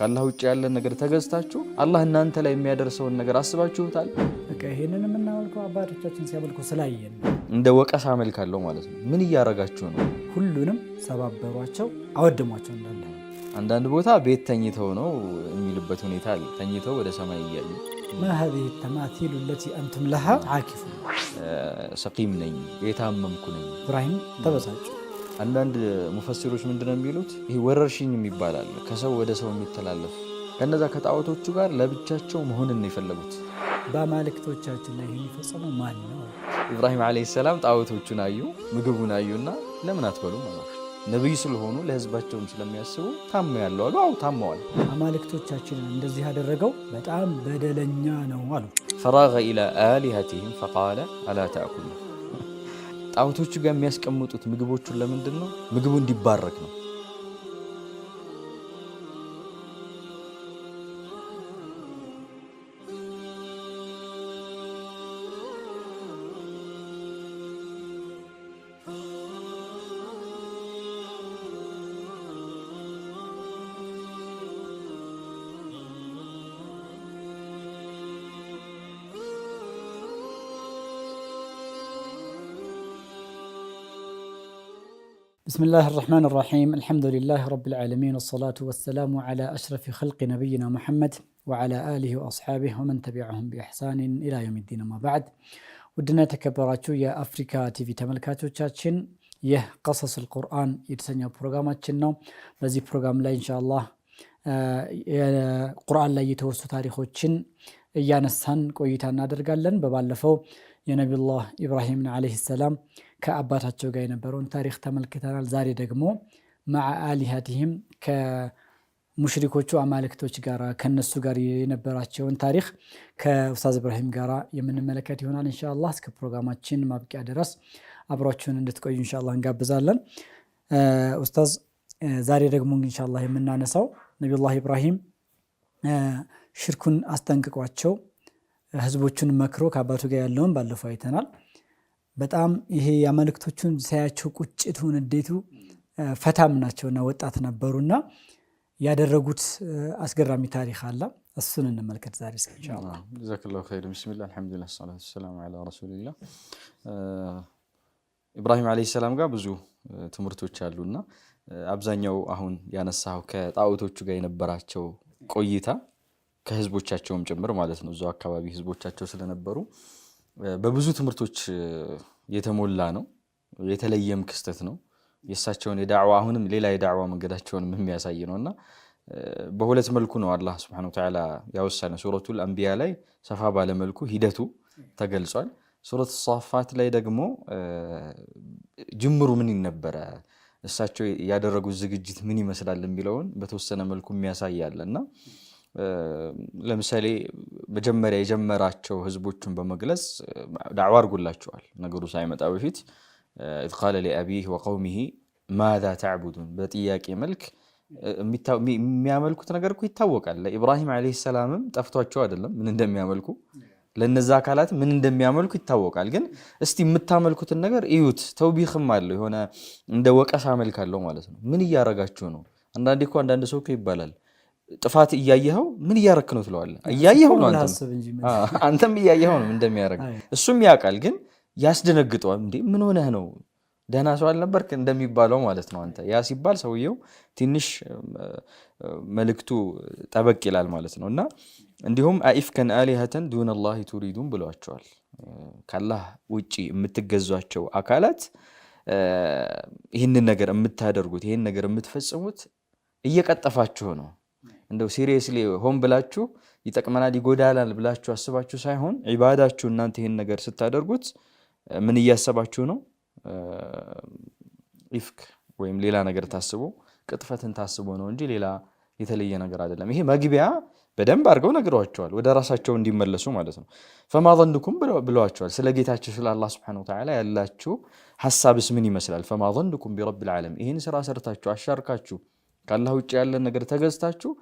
ከአላህ ውጭ ያለን ነገር ተገዝታችሁ አላህ እናንተ ላይ የሚያደርሰውን ነገር አስባችሁታል? በቃ ይሄንን የምናመልከው አባቶቻችን ሲያመልኩ ስላየን እንደ ወቀሳ አመልካለሁ ማለት ነው። ምን እያረጋችሁ ነው? ሁሉንም ሰባበሯቸው፣ አወደሟቸው። እንዳለ አንዳንድ ቦታ ቤት ተኝተው ነው የሚልበት ሁኔታ አለ። ተኝተው ወደ ሰማይ እያዩ ማ ተማቲሉ ለቲ አንቱም ለሃ ዓኪፉ ሰቂም ነኝ የታመምኩ ነኝ። ኢብራሂም ተበሳጩ። አንዳንድ ሙፈሲሮች ምንድነው የሚሉት ይህ ወረርሽኝ የሚባላል ከሰው ወደ ሰው የሚተላለፍ ከነዛ ከጣዖቶቹ ጋር ለብቻቸው መሆንን ነው የፈለጉት። በአማልክቶቻችን ላይ የሚፈጸሙ ማን ነው? ኢብራሂም ዓለይሂ ሰላም ጣዖቶቹን አዩ፣ ምግቡን አዩና ለምን አትበሉ ማለት ነቢይ ስለሆኑ ለህዝባቸውም ስለሚያስቡ ታማ ያለው አሉ። አዎ ታመዋል። አማልክቶቻችንን እንደዚህ ያደረገው በጣም በደለኛ ነው አሉ። ፈራገ ኢላ አሊሀቲሂም ፈቃለ አላ ተአኩሉ ጣዖቶቹ ጋር የሚያስቀምጡት ምግቦቹን ለምንድን ነው? ምግቡ እንዲባረክ ነው። بسم الله الرحمن الرحيم الحمد لله رب العالمين والصلاة والسلام على أشرف خلق نبينا محمد وعلى آله وأصحابه ومن تبعهم بإحسان إلى يوم الدين ما بعد ودنا تكبراتو يا أفريكا تي في تملكاتو تشاتشن يه قصص القرآن يرسن يا بروغامات شنو بزي بروغام لا إن شاء الله قرآن لا يتوسط تاريخو تشن يانسان كويتان نادر قلن ببالفو يا نبي الله إبراهيم عليه السلام ከአባታቸው ጋር የነበረውን ታሪክ ተመልክተናል። ዛሬ ደግሞ መዓ አሊሃቲህም ከሙሽሪኮቹ አማልክቶች ጋር ከነሱ ጋር የነበራቸውን ታሪክ ከኡስታዝ እብራሂም ጋር የምንመለከት ይሆናል። እንሻላ እስከ ፕሮግራማችን ማብቂያ ድረስ አብሯችሁን እንድትቆዩ እንሻላ እንጋብዛለን። ኡስታዝ ዛሬ ደግሞ እንሻላ የምናነሳው ነቢዩላህ ኢብራሂም ሽርኩን አስጠንቅቋቸው ህዝቦቹን መክሮ ከአባቱ ጋር ያለውን ባለፈው አይተናል። በጣም ይሄ የመልእክቶቹን ሳያቸው ቁጭቱን እንዴቱ ፈታም ናቸውና ወጣት ነበሩና ያደረጉት አስገራሚ ታሪክ አለ። እሱን እንመልከት ዛሬ እስኪ ኢንሻአላህ። ጀዛከላሁ ኸይር። አልሐምዱሊላህ ሰላቱ ዐላ ረሱሊላህ። ኢብራሂም ዓለይሂ ሰላም ጋር ብዙ ትምህርቶች አሉና አብዛኛው አሁን ያነሳው ከጣዖቶቹ ጋር የነበራቸው ቆይታ ከህዝቦቻቸውም ጭምር ማለት ነው። እዛው አካባቢ ህዝቦቻቸው ስለነበሩ በብዙ ትምህርቶች የተሞላ ነው። የተለየም ክስተት ነው። የእሳቸውን የዳዕዋ አሁንም ሌላ የዳዕዋ መንገዳቸውን የሚያሳይ ነው እና በሁለት መልኩ ነው አላህ ስብሐነሁ ወተዓላ ያወሳነ። ሱረቱል አንቢያ ላይ ሰፋ ባለመልኩ ሂደቱ ተገልጿል። ሱረት ሳፋት ላይ ደግሞ ጅምሩ ምን ነበረ፣ እሳቸው ያደረጉት ዝግጅት ምን ይመስላል የሚለውን በተወሰነ መልኩ የሚያሳይ እና ለምሳሌ መጀመሪያ የጀመራቸው ህዝቦቹን በመግለጽ ዳዕዋ አድርጎላቸዋል። ነገሩ ሳይመጣ በፊት ኢዝ ቃለ ሊአቢህ ወቀውሚሂ ማዛ ተዕቡዱን በጥያቄ መልክ የሚያመልኩት ነገር እኮ ይታወቃል። ለኢብራሂም ዓለይሂ ሰላምም ጠፍቷቸው አይደለም ምን እንደሚያመልኩ ለነዛ አካላት ምን እንደሚያመልኩ ይታወቃል። ግን እስቲ የምታመልኩትን ነገር እዩት። ተውቢክም አለው የሆነ እንደ ወቀሳ መልክ አለው ማለት ነው። ምን እያረጋችሁ ነው? አንዳንዴ እኮ አንዳንድ ሰው እኮ ይባላል ጥፋት እያየኸው ምን እያረክ ነው ትለዋለህ። እያየኸው ነው አንተም እያየኸው ነው እንደሚያደርግ እሱም ያውቃል፣ ግን ያስደነግጠዋል። እንዴ ምን ሆነህ ነው ደህና ሰው አልነበርክ እንደሚባለው ማለት ነው። አንተ ያ ሲባል ሰውየው ትንሽ መልእክቱ ጠበቅ ይላል ማለት ነው። እና እንዲሁም አኢፍከን አሊሀተን ዱነላሂ ቱሪዱን ብለዋቸዋል። ካላህ ውጭ የምትገዟቸው አካላት ይህንን ነገር የምታደርጉት ይህን ነገር የምትፈጽሙት እየቀጠፋችሁ ነው እንደው ሲሪየስሊ ሆን ብላችሁ ይጠቅመናል ይጎዳላል ብላችሁ አስባችሁ ሳይሆን ዒባዳችሁ እናንተ ይህን ነገር ስታደርጉት ምን እያሰባችሁ ነው? ኢፍክ ወይም ሌላ ነገር ታስቦ ቅጥፈትን ታስቦ ነው እንጂ ሌላ የተለየ ነገር አይደለም። ይሄ መግቢያ በደንብ አድርገው ነግረዋቸዋል፣ ወደ ራሳቸው እንዲመለሱ ማለት ነው። ፈማ ዘንድኩም ብለዋቸዋል። ስለ ጌታቸው ስለ አላህ ሱብሓነሁ ወተዓላ ያላችሁ ሀሳብስ ምን ይመስላል? ፈማ ዘንድኩም ቢረብል ዓለም፣ ይህን ስራ ሰርታችሁ አሻርካችሁ ካላህ ውጭ ያለን ነገር ተገዝታችሁ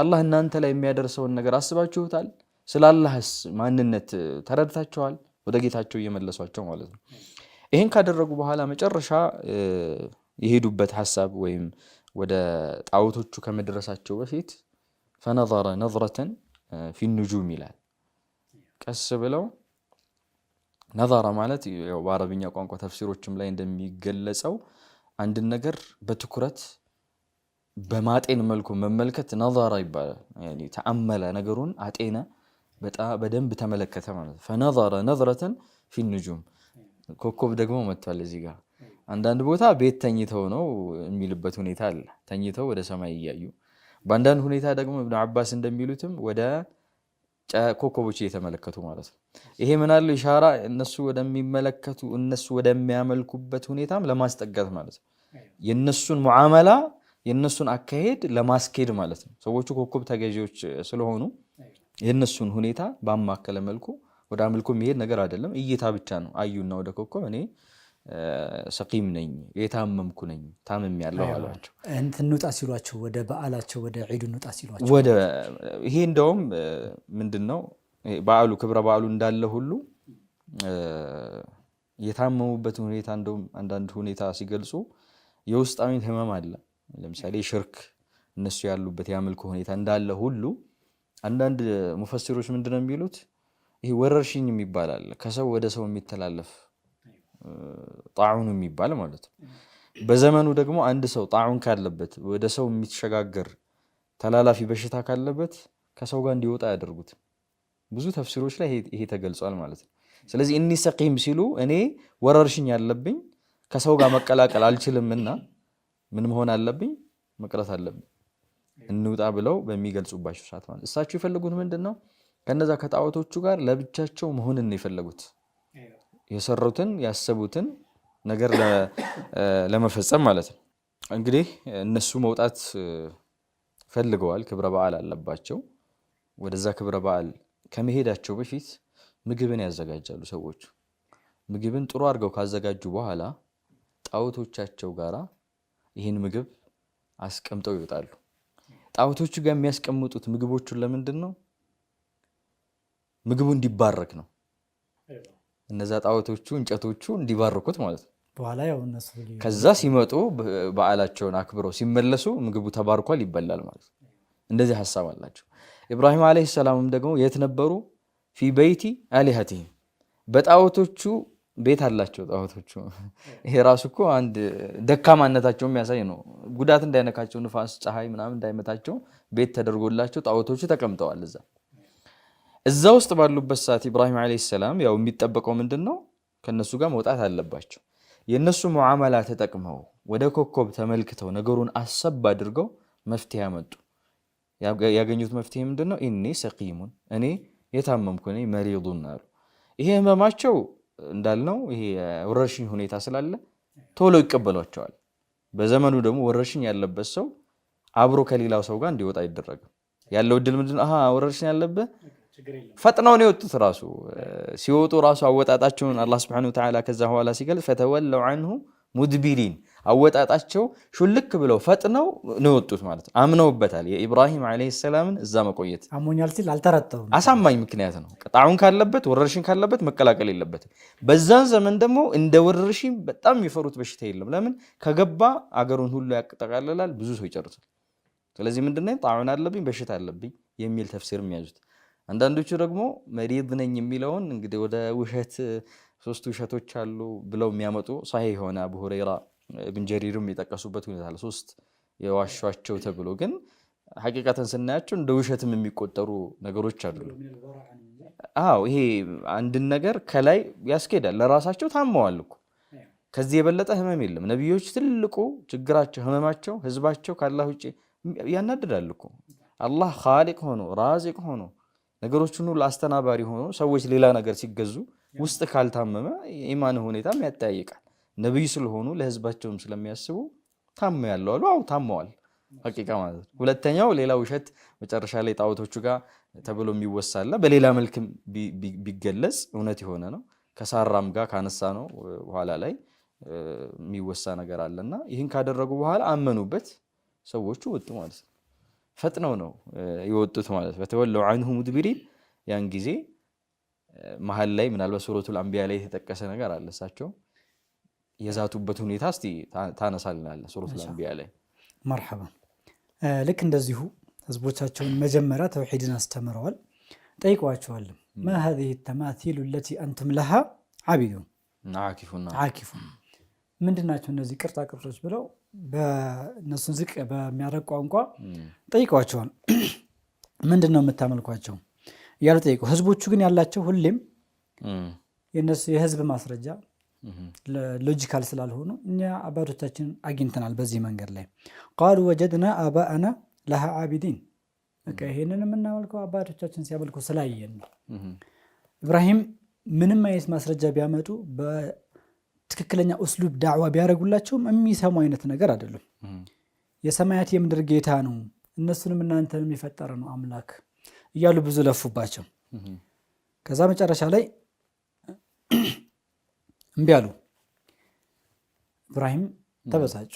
አላህ እናንተ ላይ የሚያደርሰውን ነገር አስባችሁታል? ስለ አላህስ ማንነት ተረድታችኋል? ወደ ጌታቸው እየመለሷቸው ማለት ነው። ይህን ካደረጉ በኋላ መጨረሻ የሄዱበት ሀሳብ ወይም ወደ ጣዖቶቹ ከመድረሳቸው በፊት ፈነዘረ ነዝረተን ፊኑጁም ይላል። ቀስ ብለው ነዛራ ማለት በአረብኛ ቋንቋ ተፍሲሮችም ላይ እንደሚገለጸው አንድን ነገር በትኩረት በማጤን መልኩ መመልከት ነዛራ ይባላል። ተአመለ ነገሩን አጤነ፣ በደንብ ተመለከተ ማለት ፈነዛረ ነዝረተን ፊ ንጁም። ኮከብ ደግሞ መጥቷል እዚህ ጋር። አንዳንድ ቦታ ቤት ተኝተው ነው የሚልበት ሁኔታ አለ፣ ተኝተው ወደ ሰማይ እያዩ። በአንዳንድ ሁኔታ ደግሞ እብን አባስ እንደሚሉትም ወደ ኮከቦች እየተመለከቱ ማለት ነው። ይሄ ምናለው ኢሻራ እነሱ ወደሚመለከቱ እነሱ ወደሚያመልኩበት ሁኔታም ለማስጠጋት ማለት ነው የእነሱን ሙዓመላ የእነሱን አካሄድ ለማስኬድ ማለት ነው። ሰዎቹ ኮከብ ተገዢዎች ስለሆኑ የእነሱን ሁኔታ ባማከለ መልኩ ወደ አምልኮ የሚሄድ ነገር አይደለም። እይታ ብቻ ነው። አዩና ወደ ኮከብ እኔ ሰቂም ነኝ፣ የታመምኩ ነኝ፣ ታምም ያለው አሏቸው። እንውጣ ሲሏቸው ወደ በዓላቸው ወደ ዒዱ እንውጣ ሲሏቸው ወደ ይሄ እንደውም ምንድን ነው በዓሉ ክብረ በዓሉ እንዳለ ሁሉ የታመሙበትን ሁኔታ እንደውም አንዳንድ ሁኔታ ሲገልጹ የውስጣዊን ህመም አለ ለምሳሌ ሽርክ እነሱ ያሉበት ያምልኮ ሁኔታ እንዳለ ሁሉ አንዳንድ ሙፈሲሮች ምንድነው የሚሉት? ይሄ ወረርሽኝ የሚባላል ከሰው ወደ ሰው የሚተላለፍ ጣዑን የሚባል ማለት ነው። በዘመኑ ደግሞ አንድ ሰው ጣዑን ካለበት ወደ ሰው የሚሸጋገር ተላላፊ በሽታ ካለበት ከሰው ጋር እንዲወጣ ያደርጉት። ብዙ ተፍሲሮች ላይ ይሄ ተገልጿል ማለት ነው። ስለዚህ እኒ ሰቂም ሲሉ እኔ ወረርሽኝ ያለብኝ ከሰው ጋር መቀላቀል አልችልምና ምን መሆን አለብኝ? መቅረት አለብኝ። እንውጣ ብለው በሚገልጹባቸው ሰዓት ማለት እሳቸው የፈለጉት ምንድን ነው? ከነዛ ከጣዖቶቹ ጋር ለብቻቸው መሆንን ነው የፈለጉት የሰሩትን ያሰቡትን ነገር ለመፈጸም ማለት ነው። እንግዲህ እነሱ መውጣት ፈልገዋል። ክብረ በዓል አለባቸው። ወደዛ ክብረ በዓል ከመሄዳቸው በፊት ምግብን ያዘጋጃሉ። ሰዎቹ ምግብን ጥሩ አድርገው ካዘጋጁ በኋላ ጣዖቶቻቸው ጋራ ይህን ምግብ አስቀምጠው ይወጣሉ። ጣዖቶቹ ጋር የሚያስቀምጡት ምግቦቹን ለምንድን ነው? ምግቡ እንዲባረክ ነው። እነዛ ጣዖቶቹ እንጨቶቹ እንዲባርኩት ማለት ነው። ከዛ ሲመጡ በዓላቸውን አክብረው ሲመለሱ ምግቡ ተባርኳል ይበላል ማለት ነው። እንደዚህ ሀሳብ አላቸው። ኢብራሂም ዓለይሂ ሰላምም ደግሞ የት ነበሩ? ፊ በይቲ አሊሀቲሂም በጣዖቶቹ ቤት አላቸው ጣዖቶቹ። ይሄ ራሱ እኮ አንድ ደካማነታቸው የሚያሳይ ነው። ጉዳት እንዳይነካቸው ንፋስ፣ ፀሐይ ምናምን እንዳይመታቸው ቤት ተደርጎላቸው ጣዖቶቹ ተቀምጠዋል እዛ። እዛ ውስጥ ባሉበት ሰዓት ኢብራሂም ዓለይሂ ሰላም ያው የሚጠበቀው ምንድን ነው? ከእነሱ ጋር መውጣት አለባቸው። የእነሱ ሙዓመላ ተጠቅመው ወደ ኮከብ ተመልክተው ነገሩን አሰብ አድርገው መፍትሄ ያመጡ። ያገኙት መፍትሄ ምንድን ነው? ኢኒ ሰቂሙን እኔ የታመምኩ መሪዱን አሉ። ይሄ ህመማቸው እንዳልነው ይሄ ወረርሽኝ ሁኔታ ስላለ ቶሎ ይቀበሏቸዋል። በዘመኑ ደግሞ ወረርሽኝ ያለበት ሰው አብሮ ከሌላው ሰው ጋር እንዲወጣ አይደረግም። ያለው እድል ምንድን ነው? ወረርሽኝ ያለበት ፈጥነው ነው የወጡት። ራሱ ሲወጡ ራሱ አወጣጣቸውን አላህ ስብሐነሁ ወተዓላ ከዛ በኋላ ሲገልጽ ፈተወለው አንሁ ሙድቢሪን አወጣጣቸው ሹልክ ብለው ፈጥነው ነው የወጡት ማለት አምነውበታል። የኢብራሂም ዓለይሂ ሰላምን እዛ መቆየት አሞኛል ሲል አልጠረጠሩም። አሳማኝ ምክንያት ነው። ጣዑን ካለበት ወረርሽኝ ካለበት መቀላቀል የለበትም። በዛን ዘመን ደግሞ እንደ ወረርሽኝ በጣም የሚፈሩት በሽታ የለም። ለምን ከገባ አገሩን ሁሉ ያጠቃልላል፣ ብዙ ሰው ይጨርሳል። ስለዚህ ምንድነው ጣዑን አለብኝ በሽታ አለብኝ የሚል ተፍሲር የሚያዙት አንዳንዶቹ ደግሞ መሪድ ነኝ የሚለውን እንግዲህ ወደ ውሸት ሶስት ውሸቶች አሉ ብለው የሚያመጡ ሳሂህ የሆነ አቡ ሁረይራ ኢብን ጀሪርም የጠቀሱበት ሁኔታ አለ። ሶስት የዋሿቸው ተብሎ ግን ሀቂቃተን ስናያቸው እንደ ውሸትም የሚቆጠሩ ነገሮች አሉ። አዎ ይሄ አንድን ነገር ከላይ ያስኬዳል። ለራሳቸው ታመዋል እኮ ከዚህ የበለጠ ህመም የለም። ነቢዮች ትልቁ ችግራቸው ህመማቸው ህዝባቸው ካላህ ውጭ ያናድዳል እኮ አላህ ኻሊቅ ሆኖ ራዚቅ ሆኖ ነገሮችን ሁሉ አስተናባሪ ሆኖ ሰዎች ሌላ ነገር ሲገዙ ውስጥ ካልታመመ የማን ሁኔታም ያጠያይቃል። ነቢይ ስለሆኑ ለህዝባቸውም ስለሚያስቡ ታመው ያለው አሉ። አዎ ታመዋል፣ ሀቂቃ ማለት ነው። ሁለተኛው ሌላ ውሸት መጨረሻ ላይ ጣዖቶቹ ጋር ተብሎ የሚወሳለ በሌላ መልክም ቢገለጽ እውነት የሆነ ነው። ከሳራም ጋር ካነሳ ነው በኋላ ላይ የሚወሳ ነገር አለና ይህን ካደረጉ በኋላ አመኑበት ሰዎቹ ወጡ ማለት ነው። ፈጥነው ነው የወጡት ማለት በተወለው አንሁ ሙድቢሪን ያን ጊዜ መሀል ላይ ምናልባት ሱረቱል አንቢያ ላይ የተጠቀሰ ነገር አለ የዛቱበት ሁኔታ እስቲ ታነሳልናለ ሱረት ልአንቢያ ላይ መርሐባ። ልክ እንደዚሁ ህዝቦቻቸውን መጀመሪያ ተውሒድን አስተምረዋል፣ ጠይቀዋቸዋል? ማ ሀዚህ ተማሲሉ ለቲ አንቱም ለሃ ዓቢዱን ዓኪፉን ምንድን ናቸው እነዚህ ቅርጻ ቅርጾች ብለው በእነሱን ዝቅ በሚያደርግ ቋንቋ ጠይቀዋቸዋል። ምንድን ነው የምታመልኳቸው እያሉ ጠይቀው፣ ህዝቦቹ ግን ያላቸው ሁሌም የህዝብ ማስረጃ ሎጂካል ስላልሆኑ እኛ አባቶቻችን አግኝተናል በዚህ መንገድ ላይ ቃሉ ወጀድና አባአና ለሃ አቢዲን ይህንን የምናመልከው አባቶቻችን ሲያመልኩ ስላየን ነው። ኢብራሂም ምንም አይነት ማስረጃ ቢያመጡ በትክክለኛ እስሉብ ዳዕዋ ቢያደርጉላቸውም የሚሰሙ አይነት ነገር አይደሉም። የሰማያት የምድር ጌታ ነው እነሱንም እናንተንም የፈጠረ ነው አምላክ እያሉ ብዙ ለፉባቸው። ከዛ መጨረሻ ላይ እምቢ አሉ። ኢብራሂም ተበሳጩ።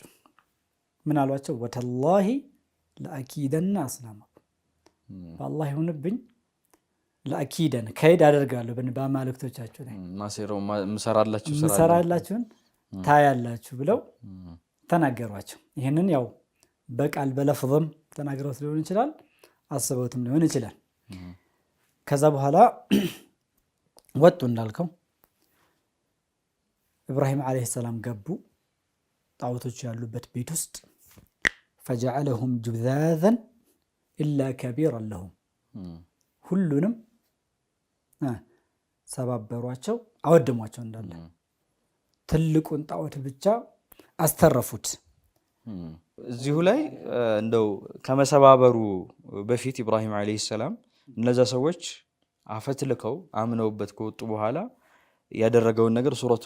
ምን አሏቸው? ወተላሂ ለአኪደን አስናማ በአላህ ይሁንብኝ ለአኪደን ከሄድ አደርጋለሁ በአማልክቶቻችሁ ላይ ምሰራላችሁን ታያላችሁ ብለው ተናገሯቸው። ይህንን ያው በቃል በለፍም ተናግረውት ሊሆን ይችላል፣ አስበውትም ሊሆን ይችላል። ከዛ በኋላ ወጡ እንዳልከው ኢብራሂም ዓለይሂ ሰላም ገቡ ጣዖቶች ያሉበት ቤት ውስጥ ፈጀዐለሁም ጁዛዘን ኢላ ከቢር አለሁም ሁሉንም ሰባበሯቸው፣ አወደሟቸው እንዳለ ትልቁን ጣዖት ብቻ አስተረፉት። እዚሁ ላይ እንደው ከመሰባበሩ በፊት ኢብራሂም ዓለይሂ ሰላም እነዛ ሰዎች አፈትልከው አምነውበት ከወጡ በኋላ ያደረገውን ነገር ሱረቱ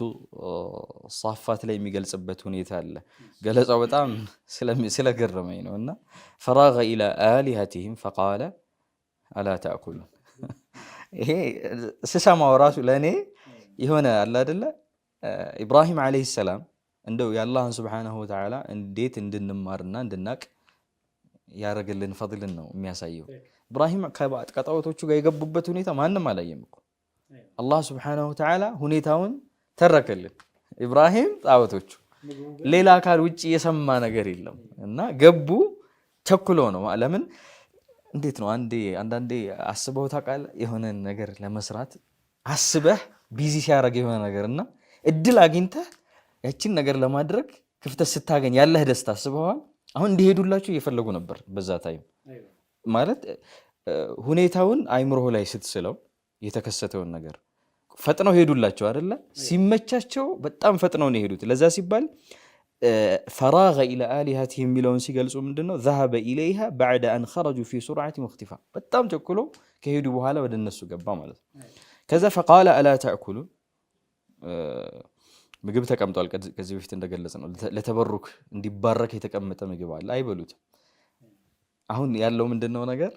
ሳፋት ላይ የሚገልጽበት ሁኔታ አለ። ገለጻው በጣም ስለገረመኝ ነው። እና ፈራገ ኢላ አሊሀቲሂም ፈቃለ አላ ተእኩሉን። ይሄ ስሰማው ራሱ ለእኔ የሆነ አለ አይደለ ኢብራሂም ዓለይሂ ሰላም እንደው የአላህን ስብሓነሁ ወተዓላ እንዴት እንድንማርና እንድናቅ ያደረገልን ፈድልን ነው የሚያሳየው። ኢብራሂም ከቀጣወቶቹ ጋር የገቡበት ሁኔታ ማንም አላየም እኮ አላህ ስብሓነሁ ወተዓላ ሁኔታውን ተረከልን። ኢብራሂም ጣዖቶቹ ሌላ አካል ውጭ የሰማ ነገር የለም እና ገቡ ቸኩሎ ነው። ለምን እንዴት ነው? አንዳንዴ አስበው ታውቃለህ? የሆነ ነገር ለመስራት አስበህ ቢዚ ሲያደርግ የሆነ ነገር እና እድል አግኝተህ ያችን ነገር ለማድረግ ክፍተት ስታገኝ ያለህ ደስታ አስበዋል። አሁን እንዲሄዱላቸው እየፈለጉ ነበር በዛ ታይም ማለት ሁኔታውን አይምሮህ ላይ ስትስለው የተከሰተውን ነገር ፈጥነው ሄዱላቸው አደለ? ሲመቻቸው በጣም ፈጥነው ነው የሄዱት። ለዛ ሲባል ፈራገ ኢላ አሊሃት የሚለውን ሲገልጹ ምንድነው ዘሀበ ኢለይሃ ባዕደ አን ኸረጁ ፊ ሱርዓት ወክቲፋ፣ በጣም ቸኩሎ ከሄዱ በኋላ ወደ እነሱ ገባ ማለት ነው። ከዛ ፈቃለ አላ ተእኩሉ ምግብ ተቀምጧል። ከዚህ በፊት እንደገለጽ ነው ለተበሩክ እንዲባረክ የተቀመጠ ምግብ አለ፣ አይበሉትም። አሁን ያለው ምንድነው ነገር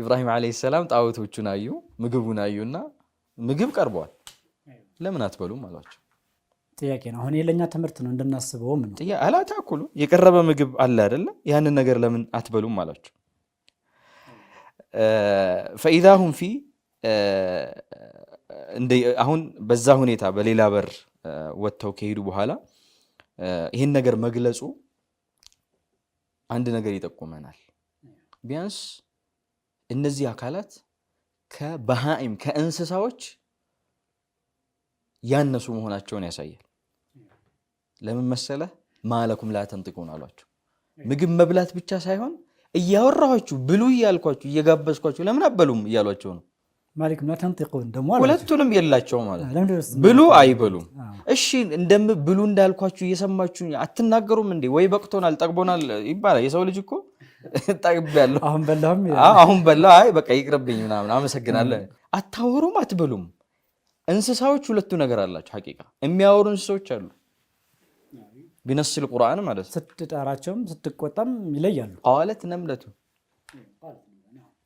ኢብራሂም ዓለይሂ ሰላም ጣዖቶቹን አዩ፣ ምግቡን አዩና ምግብ ቀርበዋል ለምን አትበሉም አሏቸው። ጥያቄ ነው። አሁን የለኛ ትምህርት ነው እንድናስበውም ነው። አላታኩሉ የቀረበ ምግብ አለ አይደለም፣ ያንን ነገር ለምን አትበሉም አሏቸው። ፈኢዛ ሁም ፊ አሁን በዛ ሁኔታ በሌላ በር ወጥተው ከሄዱ በኋላ ይህን ነገር መግለጹ አንድ ነገር ይጠቁመናል ቢያንስ እነዚህ አካላት ከባሃይም ከእንስሳዎች ያነሱ መሆናቸውን ያሳያል። ለምን መሰለ ማለኩም ላተንጥቁን አሏቸው። ምግብ መብላት ብቻ ሳይሆን እያወራኋችሁ ብሉ እያልኳችሁ እየጋበዝኳችሁ ለምን አበሉም እያሏቸው ነው። ሁለቱንም የላቸው ማለት ብሉ አይበሉም። እሺ እንደም ብሉ እንዳልኳችሁ እየሰማችሁ አትናገሩም እንዴ? ወይ በቅቶናል፣ ጠግቦናል ይባላል። የሰው ልጅ እኮ ጠግቤያለሁ። አሁን አሁን በላ። አይ በቃ ይቅርብኝ ምናምን አመሰግናለን። አታወሩም፣ አትበሉም። እንስሳዎች ሁለቱ ነገር አላቸው። ሀቂቃ የሚያወሩ እንስሳዎች አሉ ቢነስል ቁርአን ማለት ስትጠራቸውም ስትቆጣም ይለያሉ። አዋለት ነምለቱ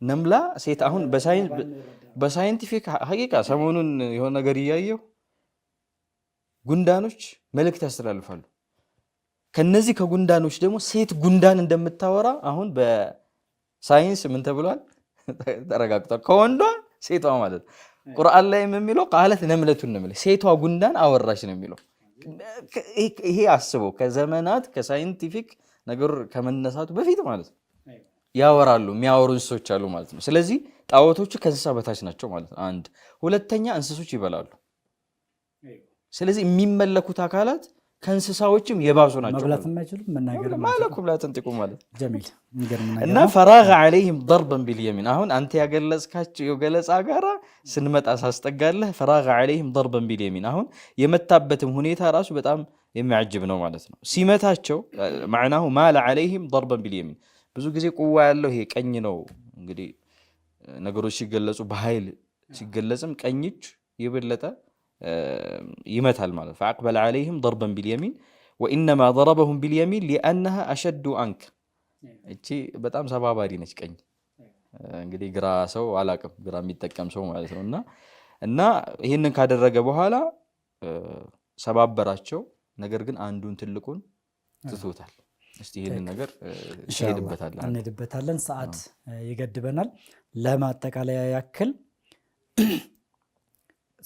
ነምላ ሴት አሁን በሳይንቲፊክ ሀቂቃ ሰሞኑን የሆነ ነገር እያየው ጉንዳኖች መልእክት ያስተላልፋሉ ከነዚህ ከጉንዳኖች ደግሞ ሴት ጉንዳን እንደምታወራ አሁን በሳይንስ ምን ተብሏል ተረጋግጧል። ከወንዷ ሴቷ ማለት ነው። ቁርአን ላይ የሚለው ቃለት ነምለቱን ነው የሚለው ሴቷ ጉንዳን አወራች ነው የሚለው። ይሄ አስበው ከዘመናት ከሳይንቲፊክ ነገር ከመነሳቱ በፊት ማለት ነው ያወራሉ የሚያወሩ እንስሶች አሉ ማለት ነው። ስለዚህ ጣዖቶቹ ከእንስሳ በታች ናቸው ማለት ነው። አንድ ሁለተኛ እንስሶች ይበላሉ። ስለዚህ የሚመለኩት አካላት ከእንስሳዎችም የባሱ ናቸው። ኩብላትን ጥቁ ማለት እና ፈራገ ዓለይህም ደርበን ቢልየሚን። አሁን አንተ ያገለጽካቸው ገለጻ ጋራ ስንመጣ ሳስጠጋለህ ፈራ ዓለይህም ደርበን ቢልየሚን። አሁን የመታበትም ሁኔታ ራሱ በጣም የሚያጅብ ነው ማለት ነው። ሲመታቸው ማዕናሁ ማለ ዓለይህም ደርበን ቢልየሚን። ብዙ ጊዜ ቁዋ ያለው ይሄ ቀኝ ነው እንግዲህ ነገሮች ሲገለጹ በኃይል ሲገለጽም ቀኝ የበለጠ ይመታል ማለት ነው። ፈአቅበለ ዓለይህም ደርበን ቢልየሚን ወኢነማ ደረበሁም ቢልየሚን ሊአነሃ አሸዱ አንክ። እቺ በጣም ሰባባሪ ነች ቀኝ። እንግዲህ ግራ ሰው አላቅም፣ ግራ የሚጠቀም ሰው ማለት ነው እና እና ይህንን ካደረገ በኋላ ሰባበራቸው። ነገር ግን አንዱን ትልቁን ትቶታል። እስቲ ይህንን ነገር እንሄድበታለን እንሄድበታለን፣ ሰዓት ይገድበናል። ለማጠቃለያ ያክል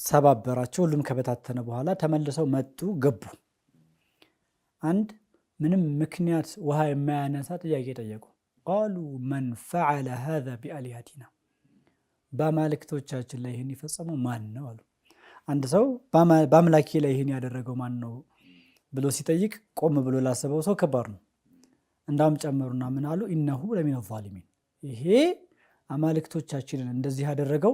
ሰባበራቸው። ሁሉም ከበታተነ በኋላ ተመልሰው መጡ፣ ገቡ። አንድ ምንም ምክንያት ውሃ የማያነሳ ጥያቄ ጠየቁ። ቃሉ መን ፈዓለ ሃዛ ቢአሊሃቲና በአማልክቶቻችን ላይ ይህን የፈጸመው ማን ነው አሉ። አንድ ሰው በአምላኬ ላይ ይህን ያደረገው ማን ነው ብሎ ሲጠይቅ ቆም ብሎ ላሰበው ሰው ከባድ ነው። እንዳውም ጨመሩና ምን አሉ? ኢነሁ ለሚነ ዛሊሚን ይሄ አማልክቶቻችንን እንደዚህ ያደረገው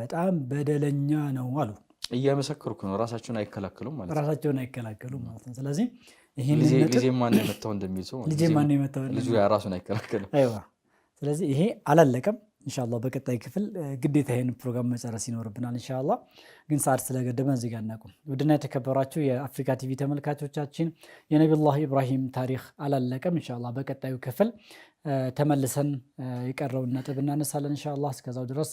በጣም በደለኛ ነው አሉ። እያመሰከርኩ ነው። ራሳቸውን አይከላከሉም ማለት ራሳቸውን አይከላከሉም ማለት ነው። ስለዚህ የመታው እንደሚል ሰው ልጁ ራሱን አይከላከልም። ስለዚህ ይሄ አላለቀም። እንሻላ በቀጣይ ክፍል ግዴታ ይህን ፕሮግራም መጨረስ ይኖርብናል። እንሻላ ግን ሰዓት ስለገደመ እዚህ ጋር እናቁም። ውድና የተከበራችሁ የአፍሪካ ቲቪ ተመልካቾቻችን የነቢዩላህ ኢብራሂም ታሪክ አላለቀም። እንሻላ በቀጣዩ ክፍል ተመልሰን የቀረውን ነጥብ እናነሳለን። እንሻላ እስከዛው ድረስ